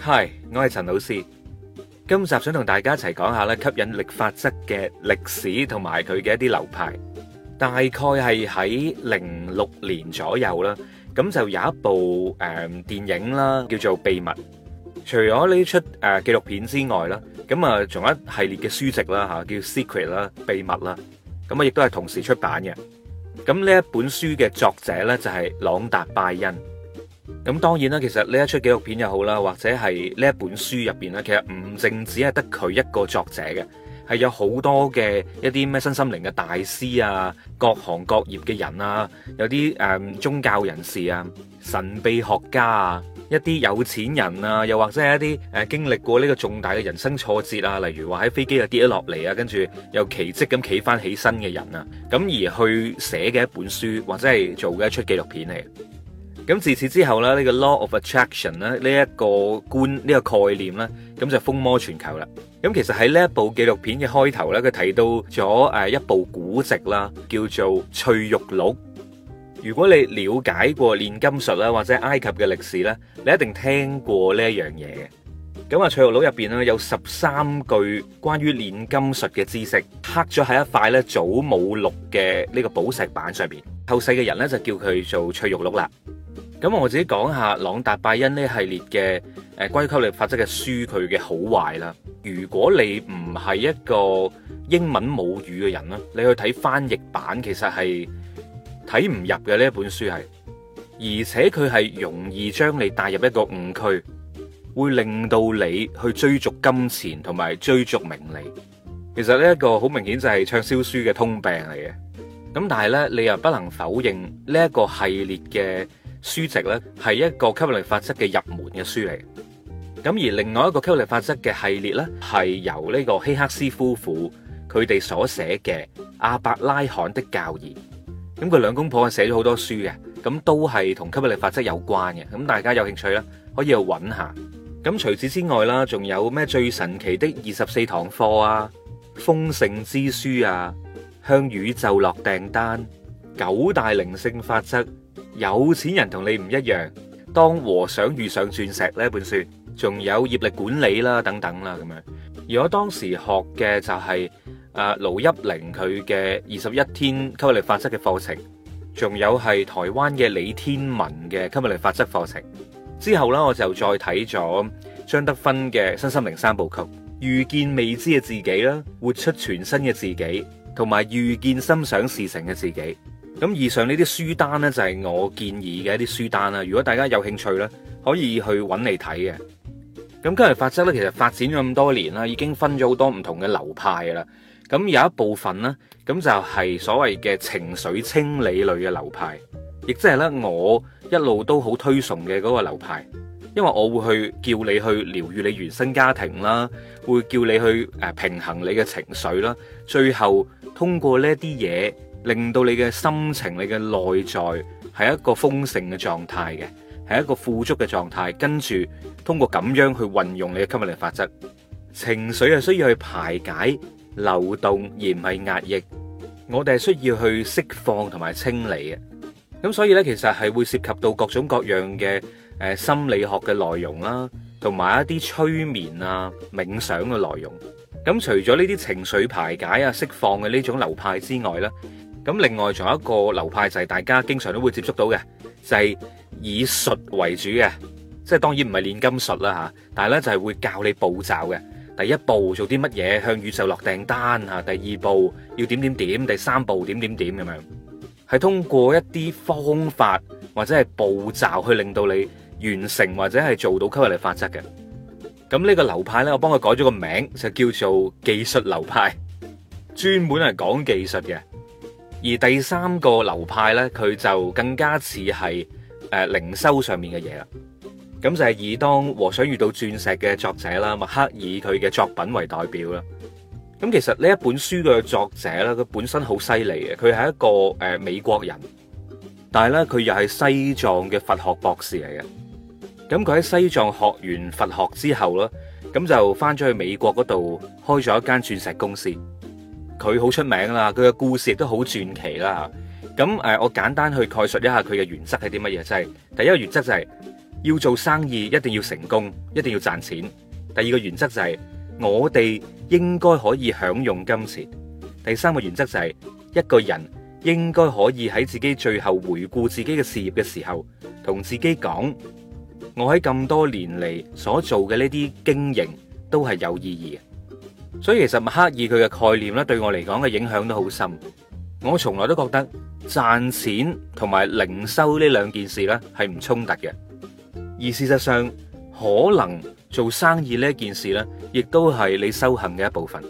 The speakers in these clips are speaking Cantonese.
係，Hi, 我係陳老師。今集想同大家一齊講下咧，吸引力法則嘅歷史同埋佢嘅一啲流派。大概係喺零六年左右啦，咁就有一部誒、嗯、電影啦，叫做《秘密》。除咗呢出誒紀、呃、錄片之外啦，咁啊仲有一系列嘅書籍啦吓，叫《Secret》啦，《秘密》啦，咁啊亦都係同時出版嘅。咁呢一本書嘅作者咧，就係朗達拜恩。咁當然啦，其實呢一出紀錄片又好啦，或者係呢一本書入邊呢，其實唔淨止係得佢一個作者嘅，係有好多嘅一啲咩身心靈嘅大師啊，各行各業嘅人啊，有啲誒、嗯、宗教人士啊、神秘學家啊、一啲有錢人啊，又或者係一啲誒經歷過呢個重大嘅人生挫折啊，例如話喺飛機度跌咗落嚟啊，跟住又奇蹟咁企翻起身嘅人啊，咁而去寫嘅一本書或者係做嘅一出紀錄片嚟。咁自此之後咧，呢個 law of attraction 咧，呢一個觀呢個概念呢，咁就瘋魔全球啦。咁其實喺呢一部紀錄片嘅開頭呢，佢提到咗誒一部古籍啦，叫做《翠玉錄》。如果你了解過煉金術咧，或者埃及嘅歷史呢，你一定聽過呢一樣嘢。咁啊，《翠玉錄》入邊咧，有十三句關於煉金術嘅知識，刻咗喺一塊呢祖母綠嘅呢個寶石板上邊。後世嘅人呢，就叫佢做《翠玉錄》啦。咁我自己講下朗達拜恩呢系列嘅，誒歸趨力法則嘅書佢嘅好壞啦。如果你唔係一個英文母語嘅人啦，你去睇翻譯版其實係睇唔入嘅，呢一本書係，而且佢係容易將你帶入一個誤區，會令到你去追逐金錢同埋追逐名利。其實呢一個好明顯就係暢銷書嘅通病嚟嘅。咁但係呢，你又不能否認呢一個系列嘅。書籍咧係一個吸引力法則嘅入門嘅書嚟，咁而另外一個吸引力法則嘅系列呢係由呢個希克斯夫婦佢哋所寫嘅《阿伯拉罕的教義》，咁佢兩公婆係寫咗好多書嘅，咁都係同吸引力法則有關嘅，咁大家有興趣咧可以去揾下。咁除此之外啦，仲有咩最神奇的二十四堂課啊、豐盛之書啊、向宇宙落訂單、九大靈性法則。有錢人同你唔一樣，當和尚遇上鑽石呢本書，仲有業力管理啦等等啦咁樣。而我當時學嘅就係誒盧一玲佢嘅二十一天吸引力法則嘅課程，仲有係台灣嘅李天文嘅吸引力法則課程。之後呢，我就再睇咗張德芬嘅《身心靈三部曲》，遇見未知嘅自己啦，活出全新嘅自己，同埋遇見心想事成嘅自己。咁以上呢啲書單呢，就係我建議嘅一啲書單啦。如果大家有興趣呢，可以去揾你睇嘅。咁今日法則呢，其實發展咗咁多年啦，已經分咗好多唔同嘅流派啦。咁有一部分呢，咁就係所謂嘅情緒清理類嘅流派，亦即係呢，我一路都好推崇嘅嗰個流派，因為我會去叫你去療愈你原生家庭啦，會叫你去誒平衡你嘅情緒啦，最後通過呢啲嘢。令到你嘅心情、你嘅內在係一個豐盛嘅狀態嘅，係一個富足嘅狀態。跟住通過咁樣去運用你嘅吸引力法則，情緒係需要去排解、流動而唔係壓抑。我哋係需要去釋放同埋清理嘅。咁所以呢，其實係會涉及到各種各樣嘅誒心理學嘅內容啦，同埋一啲催眠啊、冥想嘅內容。咁除咗呢啲情緒排解啊、釋放嘅呢種流派之外呢。咁另外仲有一個流派就係大家經常都會接觸到嘅，就係以術為主嘅，即係當然唔係煉金術啦吓，但係咧就係會教你步驟嘅，第一步做啲乜嘢向宇宙落訂單吓，第二步要點點點，第三步點點點咁樣，係通過一啲方法或者係步驟去令到你完成或者係做到吸引力法則嘅。咁呢個流派咧，我幫佢改咗個名，就叫做技術流派，專門係講技術嘅。而第三個流派呢，佢就更加似係誒靈修上面嘅嘢啦。咁就係以《當和尚遇到鑽石》嘅作者啦，麥克以佢嘅作品為代表啦。咁其實呢一本書嘅作者呢，佢本身好犀利嘅，佢係一個誒、呃、美國人，但係呢，佢又係西藏嘅佛學博士嚟嘅。咁佢喺西藏學完佛學之後呢，咁就翻咗去美國嗰度開咗一間鑽石公司。佢好出名啦，佢嘅故事亦都好傳奇啦。咁誒，我簡單去概述一下佢嘅原則係啲乜嘢，就係第一個原則就係要做生意一定要成功，一定要賺錢。第二個原則就係我哋應該可以享用金錢。第三個原則就係一個人應該可以喺自己最後回顧自己嘅事業嘅時候，同自己講，我喺咁多年嚟所做嘅呢啲經營都係有意義嘅。所以其實默克爾佢嘅概念咧，對我嚟講嘅影響都好深。我從來都覺得賺錢同埋零收呢兩件事咧係唔衝突嘅。而事實上，可能做生意呢件事呢，亦都係你修行嘅一部分。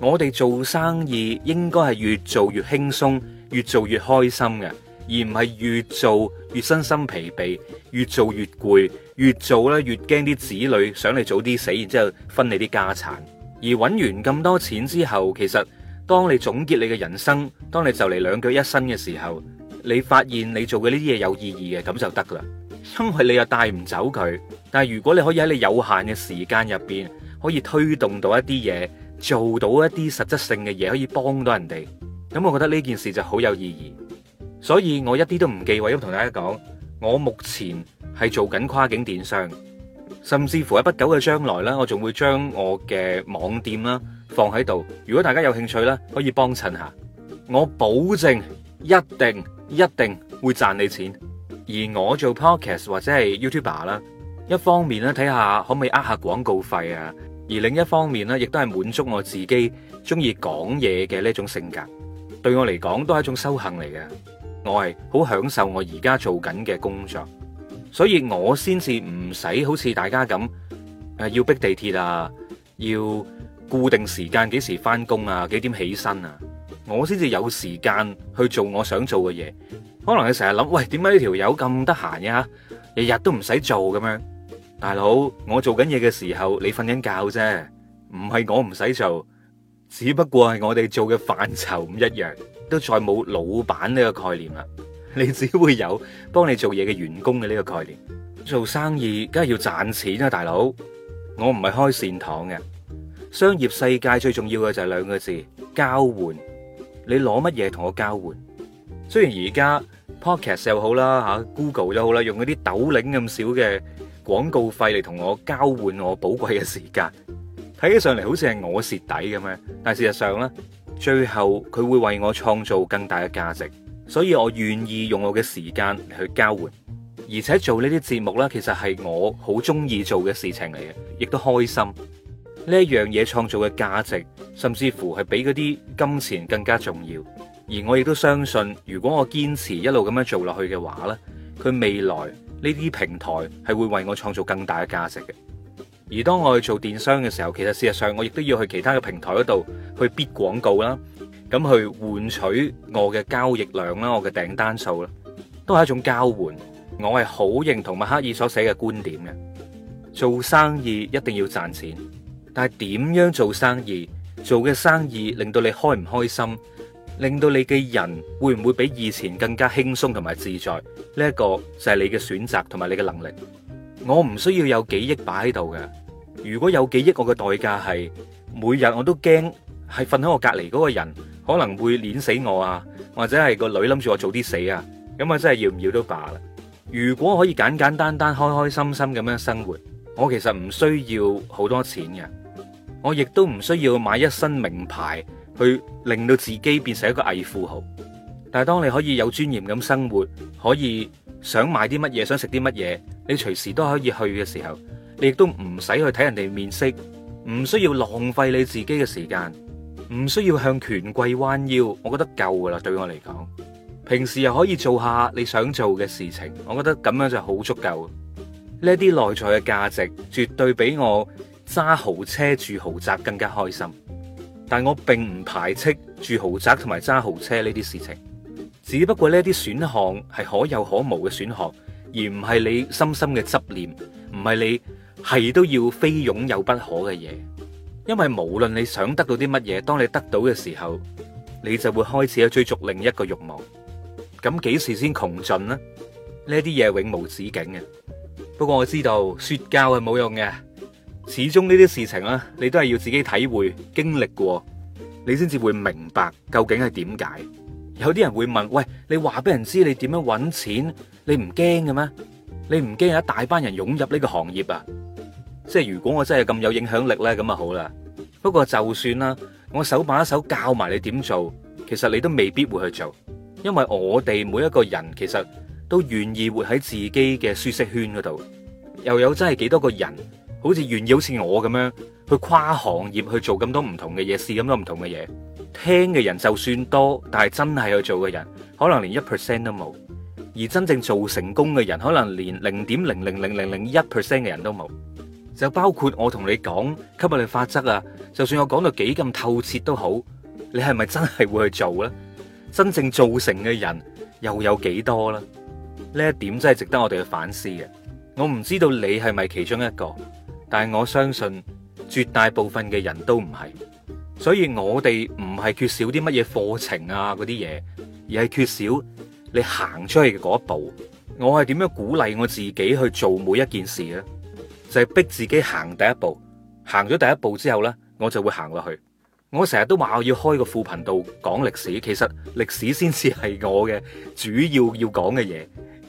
我哋做生意應該係越做越輕鬆，越做越開心嘅，而唔係越做越身心疲憊，越做越攰，越做咧越驚啲子女想你早啲死，然之後分你啲家產。而揾完咁多錢之後，其實當你總結你嘅人生，當你就嚟兩腳一伸嘅時候，你發現你做嘅呢啲嘢有意義嘅，咁就得噶啦。因為你又帶唔走佢，但係如果你可以喺你有限嘅時間入邊，可以推動到一啲嘢，做到一啲實質性嘅嘢，可以幫到人哋，咁我覺得呢件事就好有意義。所以我一啲都唔忌諱咁同大家講，我目前係做緊跨境電商。甚至乎喺不久嘅將來呢，我仲會將我嘅網店啦放喺度。如果大家有興趣呢，可以幫襯下。我保證一定一定會賺你錢。而我做 podcast 或者係 YouTuber 啦，一方面呢睇下可唔可以呃下廣告費啊，而另一方面呢亦都係滿足我自己中意講嘢嘅呢種性格。對我嚟講都係一種修行嚟嘅。我係好享受我而家做緊嘅工作。所以我先至唔使好似大家咁，誒要逼地鐵啊，要固定時間幾時翻工啊，幾點起身啊？我先至有時間去做我想做嘅嘢。可能你成日諗，喂，點解呢條友咁得閒嘅吓？日日都唔使做咁樣。大佬，我做緊嘢嘅時候，你瞓緊覺啫，唔係我唔使做，只不過係我哋做嘅範疇唔一樣，都再冇老闆呢個概念啦。你只會有幫你做嘢嘅員工嘅呢個概念。做生意梗係要賺錢啊，大佬。我唔係開善堂嘅，商業世界最重要嘅就係兩個字，交換。你攞乜嘢同我交換？雖然而家 Podcast 又好啦，吓，Google 都好啦，用嗰啲斗零咁少嘅廣告費嚟同我交換我寶貴嘅時間，睇起上嚟好似係我蝕底咁樣，但係事實上咧，最後佢會為我創造更大嘅價值。所以我願意用我嘅時間去交換，而且做呢啲節目呢，其實係我好中意做嘅事情嚟嘅，亦都開心。呢一樣嘢創造嘅價值，甚至乎係比嗰啲金錢更加重要。而我亦都相信，如果我堅持一路咁樣做落去嘅話呢，佢未來呢啲平台係會為我創造更大嘅價值嘅。而當我去做電商嘅時候，其實事實上我亦都要去其他嘅平台嗰度去 bid 廣告啦。咁去換取我嘅交易量啦，我嘅訂單數啦，都係一種交換。我係好認同麥克爾所寫嘅觀點嘅。做生意一定要賺錢，但係點樣做生意，做嘅生意令到你開唔開心，令到你嘅人會唔會比以前更加輕鬆同埋自在？呢一個就係你嘅選擇同埋你嘅能力。我唔需要有幾億擺喺度嘅。如果有幾億，我嘅代價係每日我都驚。係瞓喺我隔籬嗰個人，可能會碾死我啊，或者係個女諗住我早啲死啊，咁啊真係要唔要都罷啦。如果可以簡簡單單、開開心心咁樣生活，我其實唔需要好多錢嘅，我亦都唔需要買一身名牌去令到自己變成一個偽富豪。但係當你可以有尊嚴咁生活，可以想買啲乜嘢、想食啲乜嘢，你隨時都可以去嘅時候，你亦都唔使去睇人哋面色，唔需要浪費你自己嘅時間。唔需要向權貴彎腰，我覺得夠噶啦，對我嚟講，平時又可以做下你想做嘅事情，我覺得咁樣就好足夠。呢啲內在嘅價值，絕對比我揸豪車住豪宅更加開心。但我並唔排斥住豪宅同埋揸豪車呢啲事情，只不過呢啲選項係可有可無嘅選項，而唔係你深深嘅執念，唔係你係都要非擁有不可嘅嘢。因為無論你想得到啲乜嘢，當你得到嘅時候，你就會開始去追逐另一個慾望。咁幾時先窮盡呢？呢啲嘢永無止境嘅。不過我知道說教係冇用嘅，始終呢啲事情啦，你都係要自己體會、經歷過，你先至會明白究竟係點解。有啲人會問：喂，你話俾人知你點樣揾錢，你唔驚嘅咩？你唔驚有一大班人湧入呢個行業啊？即係如果我真係咁有影響力呢，咁啊好啦。不過就算啦，我手把手教埋你點做，其實你都未必會去做，因為我哋每一個人其實都願意活喺自己嘅舒適圈嗰度。又有真係幾多個人好似願意好似我咁樣去跨行業去做咁多唔同嘅嘢，試咁多唔同嘅嘢。聽嘅人就算多，但係真係去做嘅人可能連一 percent 都冇，而真正做成功嘅人可能連零點零零零零零一 percent 嘅人都冇。就包括我同你講吸引力法則啊，就算我講到幾咁透徹都好，你係咪真係會去做咧？真正造成嘅人又有幾多咧？呢一點真係值得我哋去反思嘅。我唔知道你係咪其中一個，但係我相信絕大部分嘅人都唔係。所以我哋唔係缺少啲乜嘢課程啊嗰啲嘢，而係缺少你行出去嘅嗰一步。我係點樣鼓勵我自己去做每一件事咧？就係逼自己行第一步，行咗第一步之後呢，我就會行落去。我成日都話我要開個副頻道講歷史，其實歷史先至係我嘅主要要講嘅嘢。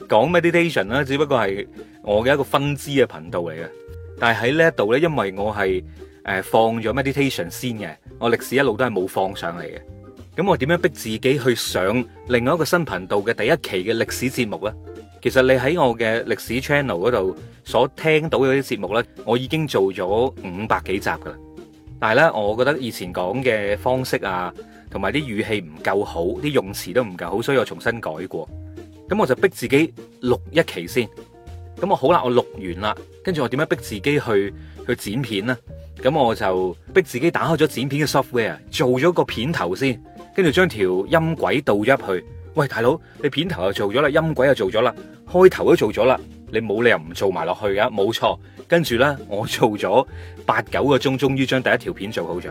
講 meditation 啦、啊，只不過係我嘅一個分支嘅頻道嚟嘅。但係喺呢一度呢，因為我係誒、呃、放咗 meditation 先嘅，我歷史一路都係冇放上嚟嘅。咁我點樣逼自己去上另外一個新頻道嘅第一期嘅歷史節目呢？其實你喺我嘅歷史 channel 嗰度所聽到嘅啲節目呢，我已經做咗五百幾集噶啦。但係呢，我覺得以前講嘅方式啊，同埋啲語氣唔夠好，啲用詞都唔夠好，所以我重新改過。咁我就逼自己錄一期先。咁我好啦，我錄完啦，跟住我點樣逼自己去去剪片呢？咁我就逼自己打開咗剪片嘅 software，做咗個片頭先，跟住將條音軌倒咗入去。喂，大佬，你片頭又做咗啦，音軌又做咗啦，開頭都做咗啦，你冇理由唔做埋落去噶，冇錯。跟住呢，我做咗八九個鐘，終於將第一條片做好咗。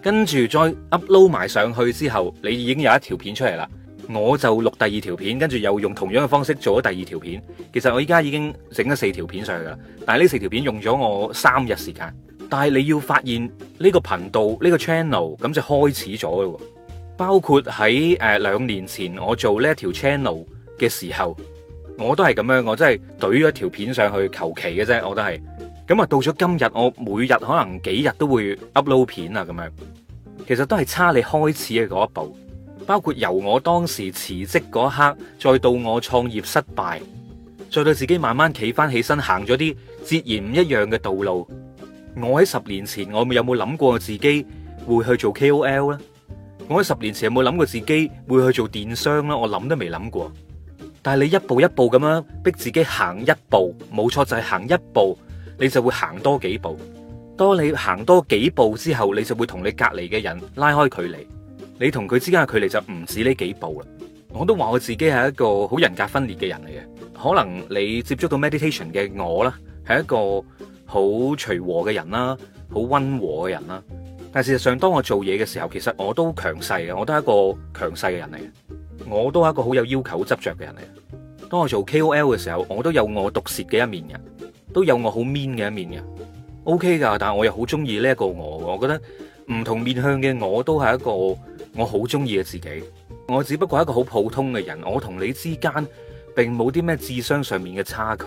跟住再 upload 埋上去之後，你已經有一條片出嚟啦。我就錄第二條片，跟住又用同樣嘅方式做咗第二條片。其實我依家已經整咗四條片上去啦，但係呢四條片用咗我三日時間。但係你要發現呢個頻道呢個 channel 咁就開始咗咯。包括喺誒、呃、兩年前我做呢一條 channel 嘅時候，我都係咁樣，我真係懟咗條片上去求其嘅啫，我都係。咁、嗯、啊，到咗今日，我每日可能幾日都會 upload 片啊，咁樣，其實都係差你開始嘅嗰一步。包括由我當時辭職嗰刻，再到我創業失敗，再到自己慢慢企翻起身，行咗啲截然唔一樣嘅道路，我喺十年前我有冇諗過自己會去做 KOL 咧？我喺十年前有冇諗過自己會去做電商咧？我諗都未諗過。但係你一步一步咁樣逼自己行一步，冇錯就係行一步，你就會行多幾步。當你行多幾步之後，你就會同你隔籬嘅人拉開距離。你同佢之間嘅距離就唔止呢幾步啦。我都話我自己係一個好人格分裂嘅人嚟嘅。可能你接觸到 meditation 嘅我啦，係一個好隨和嘅人啦，好溫和嘅人啦。但事實上，當我做嘢嘅時候，其實我都強勢嘅，我都係一個強勢嘅人嚟嘅。我都係一個好有要求、好執著嘅人嚟嘅。當我做 KOL 嘅時候，我都有我毒舌嘅一面嘅，都有我好 mean 嘅一面嘅。OK 㗎，但係我又好中意呢一個我。我覺得唔同面向嘅我都係一個我好中意嘅自己。我只不過係一個好普通嘅人，我同你之間並冇啲咩智商上面嘅差距。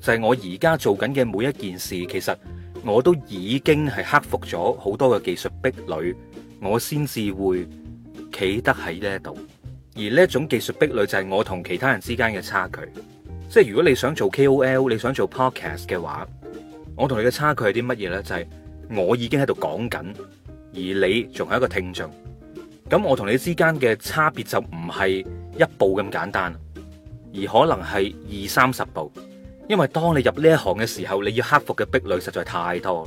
就係我而家做緊嘅每一件事，其實。我都已經係克服咗好多嘅技術壁壘，我先至會企得喺呢度。而呢一種技術壁壘就係我同其他人之間嘅差距。即係如果你想做 KOL，你想做 podcast 嘅話，我同你嘅差距係啲乜嘢呢？就係我已經喺度講緊，而你仲係一個聽眾。咁我同你之間嘅差別就唔係一步咁簡單，而可能係二三十步。因為當你入呢一行嘅時候，你要克服嘅壁壘實在太多。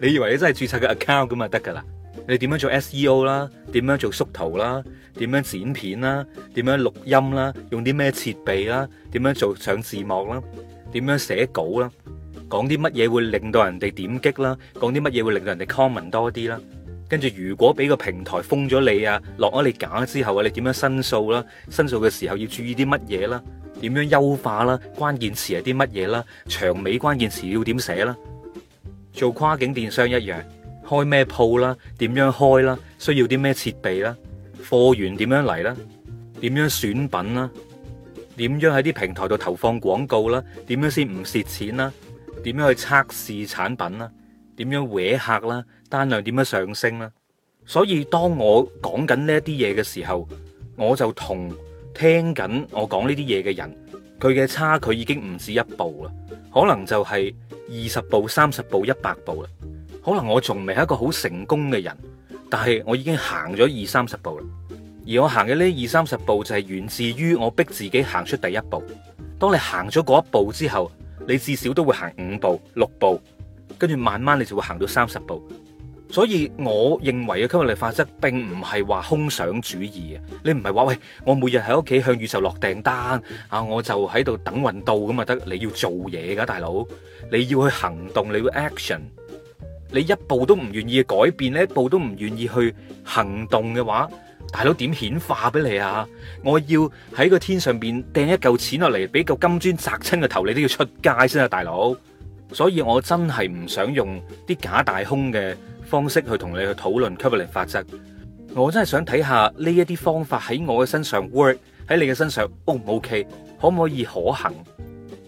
你以為你真係注冊個 account 咁就得噶啦？你點樣做 SEO 啦？點樣做縮圖啦？點樣剪片啦？點樣錄音啦？用啲咩設備啦？點樣做上字幕啦？點樣寫稿啦？講啲乜嘢會令到人哋點擊啦？講啲乜嘢會令到人哋 comment 多啲啦？跟住如果俾個平台封咗你啊，落咗你架之後啊，你點樣申訴啦？申訴嘅時候要注意啲乜嘢啦？點樣優化啦？關鍵詞係啲乜嘢啦？長尾關鍵詞要點寫啦？做跨境電商一樣，開咩鋪啦？點樣開啦？需要啲咩設備啦？貨源點樣嚟啦？點樣選品啦？點樣喺啲平台度投放廣告啦？點樣先唔蝕錢啦？點樣去測試產品啦？點樣搵客啦？單量點樣上升啦？所以當我講緊呢一啲嘢嘅時候，我就同。聽緊我講呢啲嘢嘅人，佢嘅差距已經唔止一步啦，可能就係二十步、三十步、一百步啦。可能我仲未係一個好成功嘅人，但係我已經行咗二三十步啦。而我行嘅呢二三十步就係源自於我逼自己行出第一步。當你行咗嗰一步之後，你至少都會行五步、六步，跟住慢慢你就會行到三十步。所以，我認為嘅吸引力法則並唔係話空想主義啊！你唔係話喂，我每日喺屋企向宇宙落訂單啊，我就喺度等運到咁啊得！你要做嘢噶，大佬，你要去行動，你要 action 你。你一步都唔願意改變，一步都唔願意去行動嘅話，大佬點顯化俾你啊？我要喺個天上邊掟一嚿錢落嚟，俾嚿金磚砸親個頭，你都要出街先啊，大佬！所以我真係唔想用啲假大空嘅方式去同你去討論吸引力法則，我真係想睇下呢一啲方法喺我嘅身上 work，喺你嘅身上 O 唔 OK，可唔可以可行？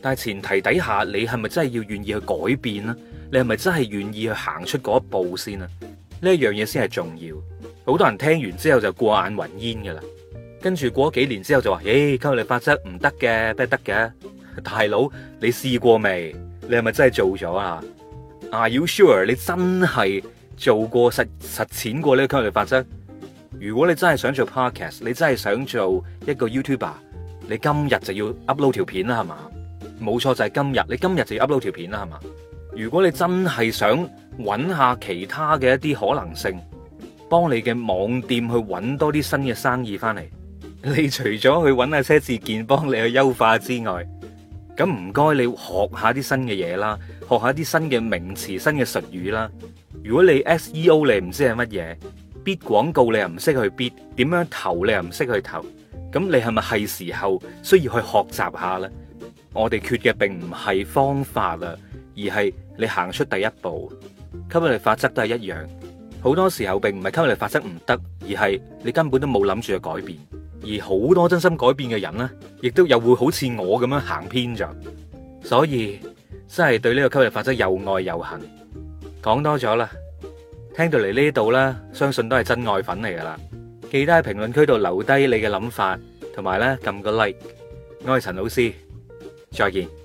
但係前提底下，你係咪真係要願意去改變呢？你係咪真係願意去行出嗰一步先啊？呢一樣嘢先係重要。好多人聽完之後就過眼雲煙噶啦，跟住過咗幾年之後就話：咦、欸，吸引力法則唔得嘅，咩得嘅？大佬，你試過未？你係咪真係做咗啊？Are you sure？你真係？做過實實踐過呢個區域法則。如果你真係想做 podcast，你真係想做一個 YouTuber，你今日就要 upload 條片啦，係嘛？冇錯，就係今日，你今日就要 upload 條片啦，係嘛？如果你真係想揾下其他嘅一啲可能性，幫你嘅網店去揾多啲新嘅生意翻嚟，你除咗去揾下車志健幫你去優化之外，咁唔該，你學下啲新嘅嘢啦，學下啲新嘅名詞、新嘅術語啦。如果你 SEO 你唔知係乜嘢，bid 廣告你又唔識去 bid，點樣投你又唔識去投，咁你係咪係時候需要去學習下呢？我哋缺嘅並唔係方法啦，而係你行出第一步。吸引力法則都係一樣，好多時候並唔係吸引力法則唔得，而係你根本都冇諗住去改變。而好多真心改變嘅人呢，亦都有會好似我咁樣行偏咗，所以真係對呢個吸引力法則又愛又恨。講多咗啦，聽到嚟呢度啦，相信都係真愛粉嚟噶啦。記得喺評論區度留低你嘅諗法，同埋咧撳個 like。我係陳老師，再見。